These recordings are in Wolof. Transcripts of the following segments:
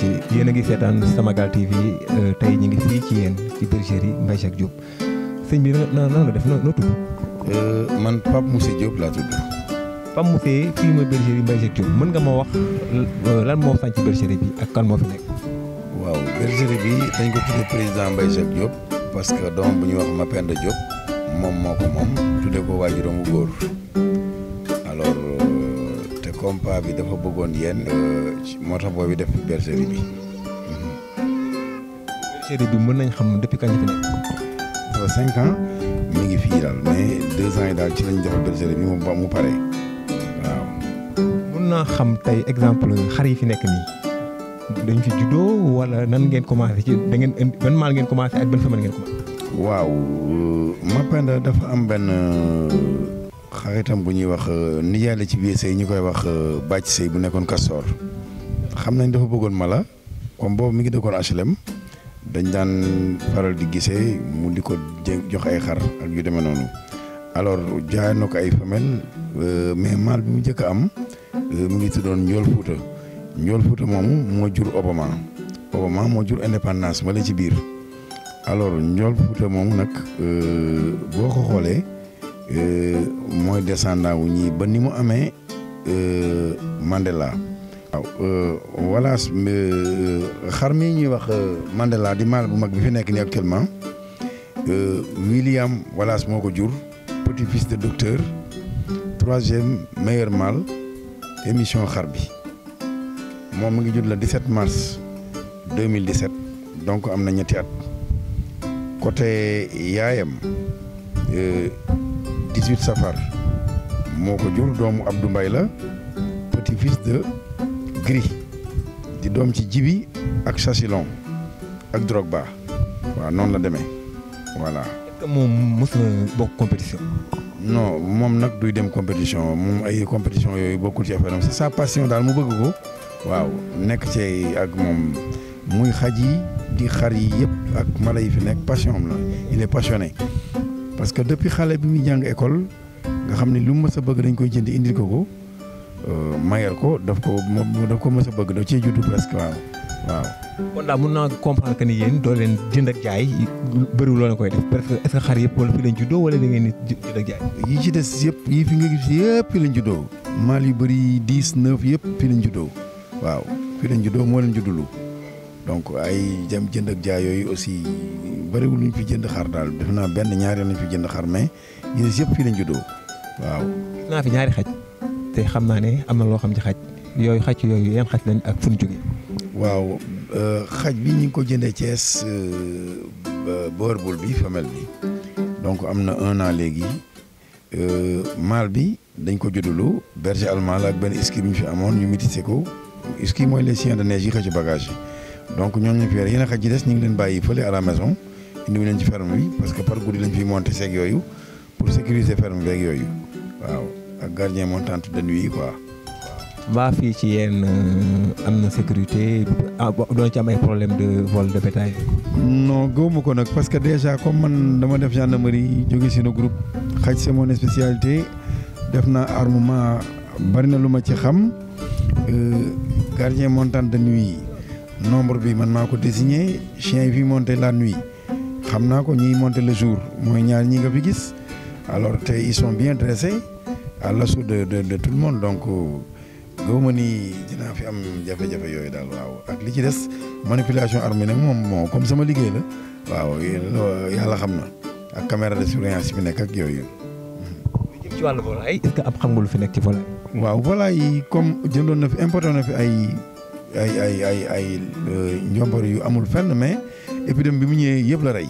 ci yéen a ngi seetaan Samagal TV euh, tey ñu ngi fii ci yéen ci bergerie Mbaye seek Diop sëñ bi na na nga def noo tudd. Euh, man Pape Moussé Diop laa tudd. Pape Moussé fii mooy bergerie Mbaye Jacques Diop mën nga ma wax euh, lan moo sañ ci bergerie bi ak kan moo fi nekk. waaw bergerie bi dañ ko tuddee président Mbaye Jacques Diop parce que doom bu ñuy wax Mapenda Diop moom moo ko moom tuddee ko waajuram bu góor. compas bi dafa bëggoon yéen euh, moo tax boobu def bergerie bi. bi mën nañ xam depuis kañ fi nekk. ngi fii daal mais deux ans yi daal ci lañ defal bergerie bi mu ba mu pare waaw. naa xam tey exemple xar yi fi nekk nii dañ fi juddoo wala nan ngeen commencé ci da ngeen indi ban maal ngeen commencé ak ban femelle ngeen commencé. Euh, dafa am benn. xaritam bu ñuy wax euh, nijaay la ci biir sëy ñu koy wax euh, bàcc sëy bu nekkoon Castor xam nañ dafa bëggoon mala comme boobu mi ngi dëkkoon HLM dañ daan faral di gisee mu di ko jox ay xar ak yu demee noonu alors jaay na ko ay femelle euh, mais mâle bi mu njëkk a am mu ngi tuddoon Njool Fuuta Njool Fuuta moomu moo jur Obama Obama moo jur indépendance ma la ci biir alors Njool Fuuta moomu nag boo ko xoolee. Euh, moy descendant wu à ba ni mu euh Mandela. waaw euh, voilà euh, xar mi wax Mandela di mal bu mag bi fi nek ni actuellement William Wallace moko jur petit-fils de docteur troisième meilleur mal émission xarbi bi Je suis ngi le 17 mars 2017 donc am na ñetti at côté yaayam. 18 safar moko ko domou Abdou mbay la petit fils de Gris di dom ci Djibi ak Chacilon ak Drogba wa non la demee voilà. mom ce que na bokk compétition. non mom nak duy dem compétition mom ay compétition yoy bokul ci affaire c'est sa passion dal mu bëgg ko. waaw nek ci ak mom muy xaj di xari yi ak malay fi nek passion am la il est passionné. parce que depuis xale bi muy jàng école nga xam ne lu mu mës a bëgg dañu koy jënd indi ko ko euh, mayal ko daf ko daf ko mës a bëgg daf cee juddu presque waaw waaw. kon daal mën naa comprendre que ni yéen doo leen jënd ak jaay bëriwul loo leen koy def parce que est ce xar yëpp wala fi lañ juddoo wala da ngeen ni jënd ak jaay. yi ci des yëpp yi fi nga gis yëpp fi lañ juddoo. maal yu bëri dix neuf yëpp fi lañ juddoo waaw fi lañ juddoo moo leen juddulu donc ay jëm jënd ak jaay yooyu aussi bariwul lu ñu fi jënd xar daal def naa benn ñaari lañ fi jënd xar mais yéen yëpp fii lañ juddoo waaw. naa fi ñaari xaj te xam naa ne am na loo xam ci xaj yooyu xaj yooyu yan xaj lañ ak fu ñu jógee. waaw euh, xaj bi ñu ngi ko jëndee Thiès euh, boor bul bi femelle bi donc am na un an léegi euh, mâle bi dañ ko juddulu berger allemand la ak benn husky bi ñu fi amoon ñu métissé ko husky mooy les chiens de neige yi xëcc bagage yi. donc ñoom ñu fi weer yéen a xaj des ñu ngi leen bàyyi fële à la maison indiwu leen ci ferme bi parce que par guddi lañ fi monter seeg yooyu pour sécuriser ferme beeg yooyu waaw ak gardien montante de nuit quoi. mbaa fii ci yenn euh, am na sécurité ah, doon ci am ay problème de vol de bétail. non gëwuma ko nag parce que déjà comme man dama def gendarmerie jóge na groupe xaj c'est mon spécialité def naa armement bari na lu ma ci xam euh, gardien montante de nuit nombre bi man mako ko désigné chien bi monté la nuit xamna ko ñi monté le jour moy ñaar ñi nga fi gis alors tay ils sont bien dressés à sous de de de tout le monde donc euh, gëwuma ni dinaa fi am jafe-jafe yooyu dal waaw ak li ci dess manipulation armée nak mom comme sama liggéey la waaw yalla euh, xamna ak caméra de surveillance bi nekk ak yooyu. ci wàllu volay est-ce que ab xam nga lu fi nek ci volay waaw volay comme jëndoon na fi importé na fi ay. ay ay ay ay euh, njombar yu amul fen mais épidémie bi mu ñëwee yëpp la rey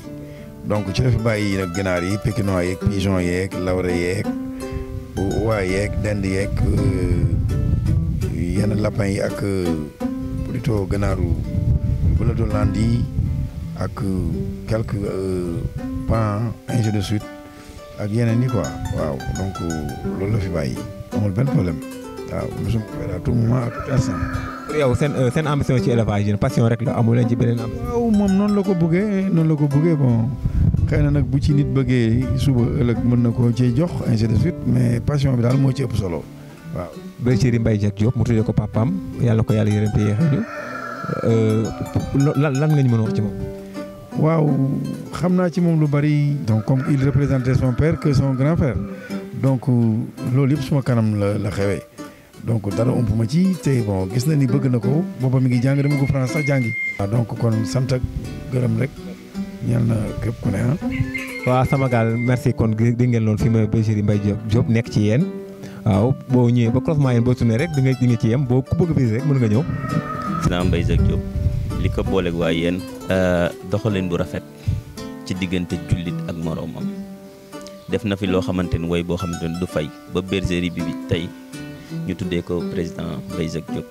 donc ci la fi bàyyi nag ginaar yi pékinois yeeg pigeon yeeg lawre yeeg waa yeeg dend yeeg euh, yenn lapin yi ak euh, plutôt ganaaru bële du land yi ak quelques pan ainsi de suite ak yeneen yi quoi waaw donc loolu la fi bàyyi amul benn problème waaw mosum à tout moment à tout pour yow seen euh, seen ambition ci élevage yi passion rek la amu leen ci beneen am waaw moom noonu la ko bëggee noonu la ko bëggee bon xëy na nag bu ci nit bëggee suba ëllëg mën na koo cee jox ainsi de suite mais passion bi daal moo ci ëpp solo waaw. bergerie Mbaye Diack Diop mu tuddee ko papaam yàlla ko yàlla yërëm te yéexal ñu euh, lan lan nga ñu mën wax ci moom. waaw xam naa ci moom lu bari. donc comme il représentait son père que son grand frère donc euh, loolu yëpp suma kanam la la xewee. donc dara ump ma ci te bon gis na ni bëgg na ko booba mi ngi jàng dama ko France sax jàngi. waaw donc kon sant ak gërëm rek ñeel na képp ku ne ah. waaw sama gaal merci kon di ngeen loolu fi ma Bergerie Mbaye Diop Diop nekk ci yéen waaw boo ñëwee ba croisement yéen boo tourné rek di nga di ci yem boo ku bëgg visite rek mën nga ñëw. président Mbaye Diop li ko booleeg waa yéen. Euh, doxalin bu rafet ci diggante jullit ak moroomam def na fi loo xamante ni way boo xam ni du fay ba bi tey. ñu tuddee ko président Mbaye Jacques Diop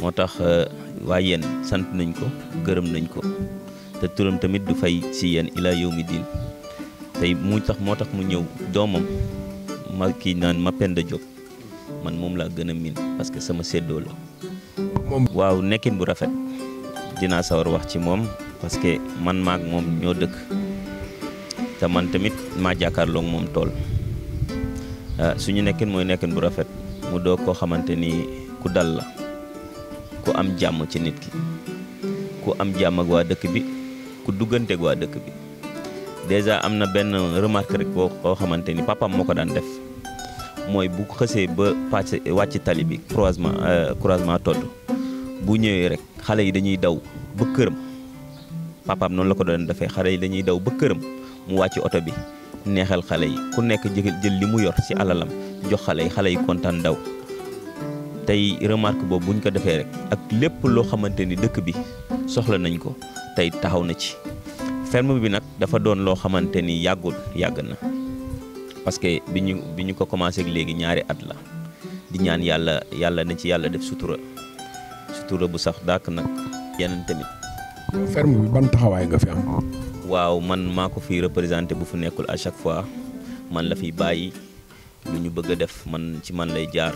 moo tax euh, waa yéen sant nañ ko gërëm nañ ko te turam tamit du fay si yéen ilaa yawmi diin tey mu tax moo tax mu ñëw doomam ma kii naan ma Penda jóg man moom laa gën a miin parce que sama séddoo la. moom waaw nekkin bu rafet dinaa sawar wax ci moom parce que man maag moom ñoo dëkk te man tamit maa jàkkaarloog moom tool. Ah, suñu nekkin mooy nekkin bu rafet mu doo koo xamante ni ku dal la ku am jàmm ci nit ki ku am jàmm ak waa dëkk bi ku duggante ak waa dëkk bi déjà am na benn remarque rek koo xamante ni papam moo ko daan def mooy bu xësee ba pàcc wàcc tali bi croisement euh, croisement todd bu ñëwee rek xale yi dañuy daw ba këram papaam noonu la ko doon defee xale yi dañuy daw ba këram mu wàcc oto bi neexal xalé yi ku nekk jël jël limu yor ci alalam jox xalé yi xalé yi contane daw tay remarque bobu buñ ko defé rek ak lepp lo xamanteni ni dëkk bi soxla nañ ko tay taxaw na ci ferme bi nak dafa doon lo xamanteni yagul yàggul na parce que biñu biñu ko commencé ak légui ñaari at la di ñaan yalla yalla na ci yalla def sutura sutura bu sax dak nak yenen tamit. ferme bi ban taxaway nga fi am waaw man maa ko fi représenté bu fi nekkul à chaque fois man la fi bàyyi lu ñu bëgg a def man ci man lay jaar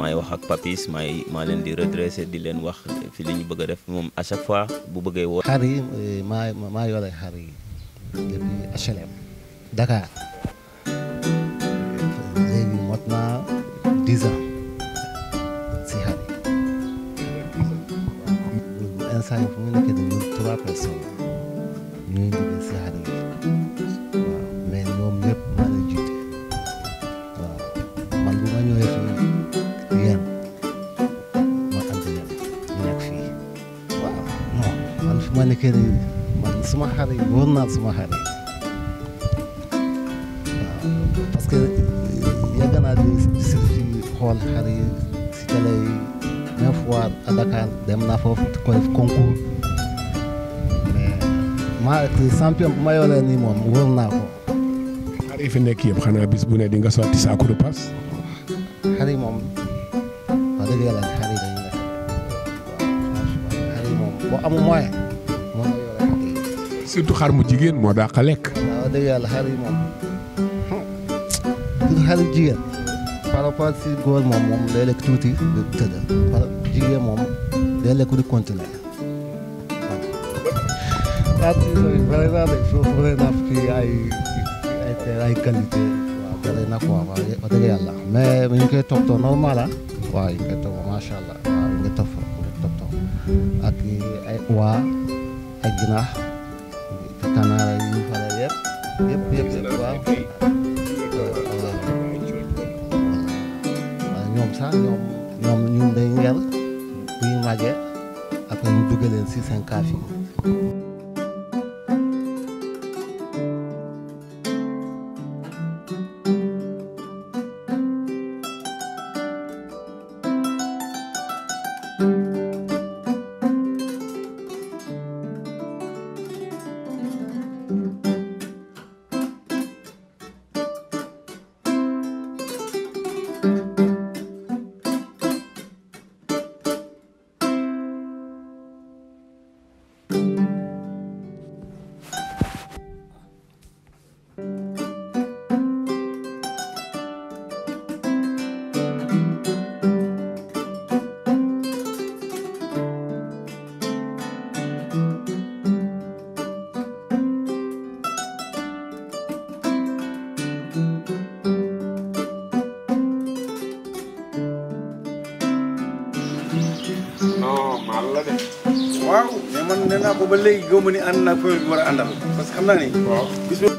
may wax ak papis may maa leen di redressé di leen wax fi li ñu bëgg a def moom à chaque fois bu bëggee woo. xar yi maa maa yore xar yi depuis HLM Dakar léegi mot naa 10 ans si xar yi. instant yi fu mu nekkee dañuy trois personnes. نيجي للساحة آه، من يوم لب ما جيت مالبوما آه، نيوي في يام ما قلت يام هناك فيه نعم، ألف مالك هذي ما نسمع هذي قلنا نعم نسمع هذي آه، بس كده يجنا دي سيد في حول هذي نفوار أذكر دم نفوف تكون في كونكور maa kii champion bu ma yoree nii moom wër naa ko. xar fi nekk yëpp xanaa bis bu ne di nga sotti saako repas. xar yi moom wax dëgg yàlla xar moom boo amul moyen moom xar mu jigéen moo dàq lekk. waaw dëgg yàlla xar moom surtout xar yu jigéen. par rapport si góor moom moom day lekk tuuti di tëdd jigéen moom day lekk di continuer. Practic, fără nada, și fără nafti, ai, ai, ai calitate. Apele na cu apa, o te găi la. Me, încă top to normala, wa, încă top, mashallah, wa, încă top, încă top to. Aki, ai wa, ai gina, tatana, ai fără ier, yep, yep, yep, wa. Ñoom sax ñoom ñoom ñun day ngel bu ñu màggee après ñu dugaleen si seen kaaf yi waaw mais man aku naa ko ba léegi gëw ma ni ànd naa nih?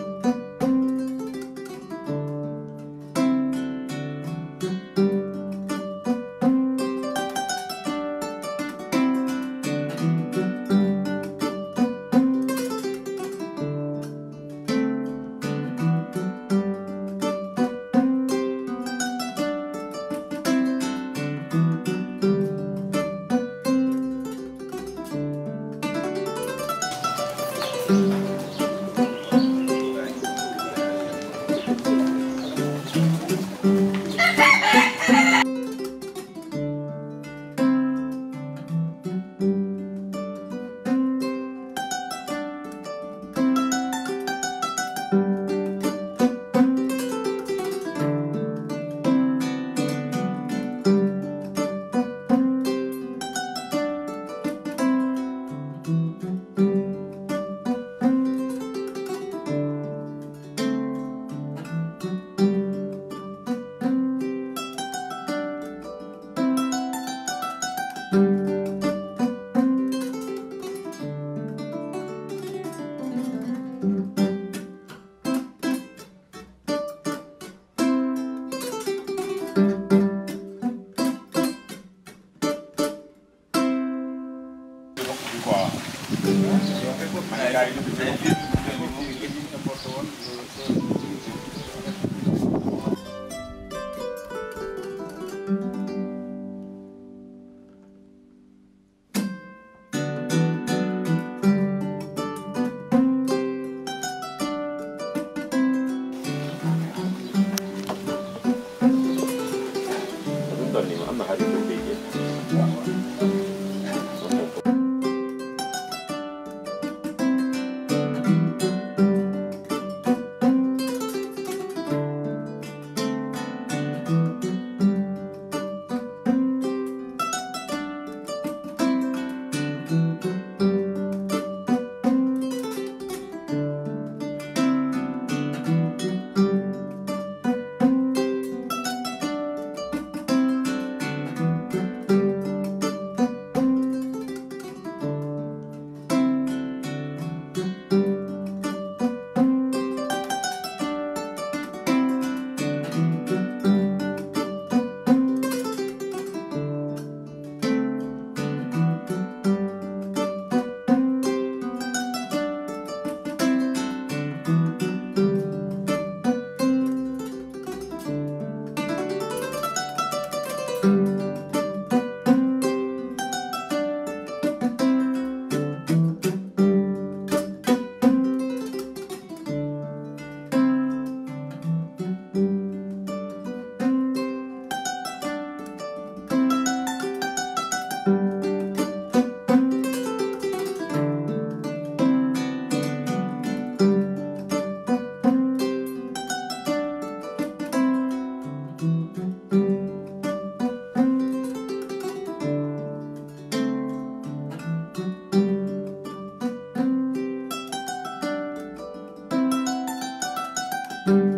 thank you